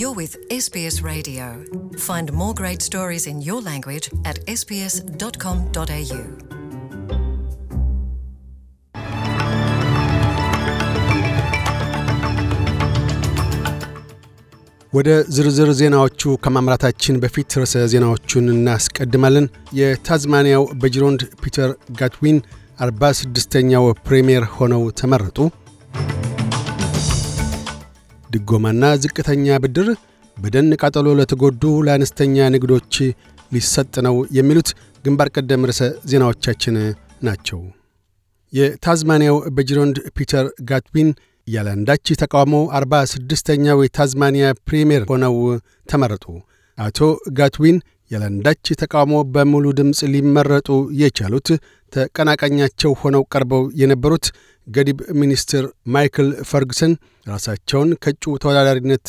You're with SBS Radio. Find more great stories in your language at sbs.com.au. ወደ ዝርዝር ዜናዎቹ ከማምራታችን በፊት ርዕሰ ዜናዎቹን እናስቀድማለን። የታዝማኒያው በጅሮንድ ፒተር ጋትዊን 46ኛው ፕሬምየር ሆነው ተመረጡ። ድጎማና ዝቅተኛ ብድር በደን ቃጠሎ ለተጎዱ ለአነስተኛ ንግዶች ሊሰጥ ነው የሚሉት ግንባር ቀደም ርዕሰ ዜናዎቻችን ናቸው። የታዝማኒያው በጅሮንድ ፒተር ጋትዊን ያለአንዳች ተቃውሞ 46ኛው የታዝማኒያ ፕሪምየር ሆነው ተመረጡ። አቶ ጋትዊን ያለንዳች ተቃውሞ በሙሉ ድምፅ ሊመረጡ የቻሉት ተቀናቃኛቸው ሆነው ቀርበው የነበሩት ገዲብ ሚኒስትር ማይክል ፈርግሰን ራሳቸውን ከእጩ ተወዳዳሪነት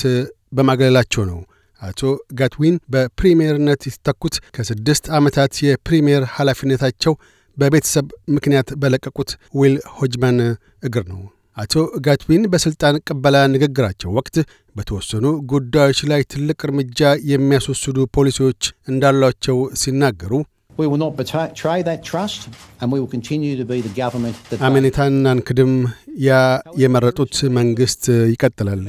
በማገለላቸው ነው። አቶ ጋትዊን በፕሪምየርነት የተተኩት ከስድስት ዓመታት የፕሪምየር ኃላፊነታቸው በቤተሰብ ምክንያት በለቀቁት ዊል ሆጅማን እግር ነው። አቶ ጋትዊን በሥልጣን ቅበላ ንግግራቸው ወቅት በተወሰኑ ጉዳዮች ላይ ትልቅ እርምጃ የሚያስወስዱ ፖሊሲዎች እንዳሏቸው ሲናገሩ አመኔታን አንክድም። ያ የመረጡት መንግሥት ይቀጥላል።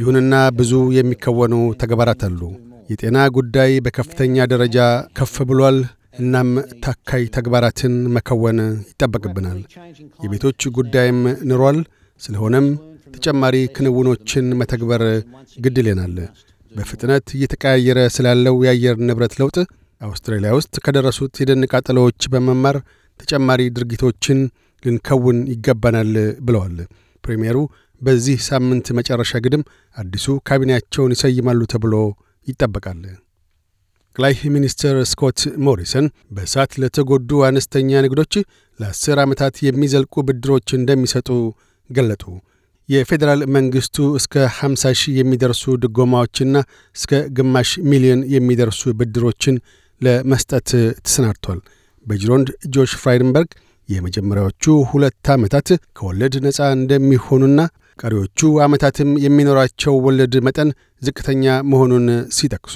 ይሁንና ብዙ የሚከወኑ ተግባራት አሉ። የጤና ጉዳይ በከፍተኛ ደረጃ ከፍ ብሏል። እናም ታካይ ተግባራትን መከወን ይጠበቅብናል። የቤቶች ጉዳይም ኑሯል ስለሆነም ተጨማሪ ክንውኖችን መተግበር ግድ ይለናል። በፍጥነት እየተቀያየረ ስላለው የአየር ንብረት ለውጥ አውስትራሊያ ውስጥ ከደረሱት የደን ቃጠሎዎች በመማር ተጨማሪ ድርጊቶችን ልንከውን ይገባናል ብለዋል ፕሪምየሩ። በዚህ ሳምንት መጨረሻ ግድም አዲሱ ካቢኔያቸውን ይሰይማሉ ተብሎ ይጠበቃል። ጠቅላይ ሚኒስትር ስኮት ሞሪሰን በእሳት ለተጎዱ አነስተኛ ንግዶች ለአስር ዓመታት የሚዘልቁ ብድሮች እንደሚሰጡ ገለጡ። የፌዴራል መንግሥቱ እስከ 50 ሺህ የሚደርሱ ድጎማዎችና እስከ ግማሽ ሚሊዮን የሚደርሱ ብድሮችን ለመስጠት ተሰናድቷል። በጅሮንድ ጆሽ ፍራይደንበርግ የመጀመሪያዎቹ ሁለት ዓመታት ከወለድ ነፃ እንደሚሆኑና ቀሪዎቹ ዓመታትም የሚኖራቸው ወለድ መጠን ዝቅተኛ መሆኑን ሲጠቅሱ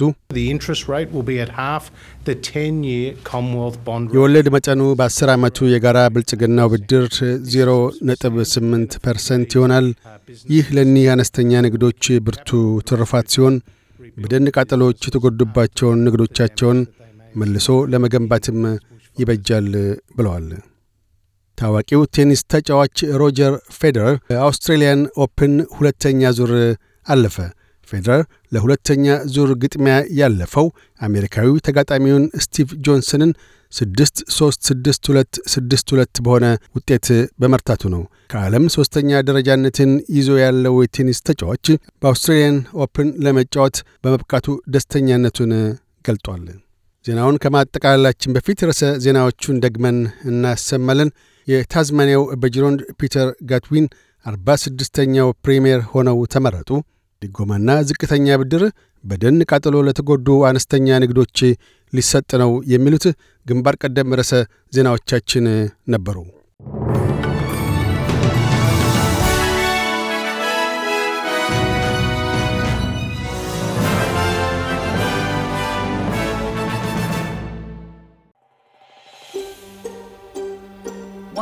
የወለድ መጠኑ በ10 ዓመቱ የጋራ ብልጽግናው ብድር 0.8 ፐርሰንት ይሆናል። ይህ ለኒህ አነስተኛ ንግዶች ብርቱ ትርፋት ሲሆን በደን ቃጠሎዎች የተጎዱባቸውን ንግዶቻቸውን መልሶ ለመገንባትም ይበጃል ብለዋል። ታዋቂው ቴኒስ ተጫዋች ሮጀር ፌዴረር በአውስትሬልያን ኦፕን ሁለተኛ ዙር አለፈ። ፌዴረር ለሁለተኛ ዙር ግጥሚያ ያለፈው አሜሪካዊው ተጋጣሚውን ስቲቭ ጆንሰንን 6 3 6 2 6 2 በሆነ ውጤት በመርታቱ ነው። ከዓለም ሦስተኛ ደረጃነትን ይዞ ያለው የቴኒስ ተጫዋች በአውስትሬሊያን ኦፕን ለመጫወት በመብቃቱ ደስተኛነቱን ገልጧል። ዜናውን ከማጠቃለላችን በፊት ርዕሰ ዜናዎቹን ደግመን እናሰማለን። የታዝማኒያው በጅሮንድ ፒተር ጋትዊን 46ኛው ፕሪምየር ሆነው ተመረጡ። ድጎማና ዝቅተኛ ብድር በደን ቃጠሎ ለተጎዱ አነስተኛ ንግዶች ሊሰጥ ነው የሚሉት ግንባር ቀደም ርዕሰ ዜናዎቻችን ነበሩ።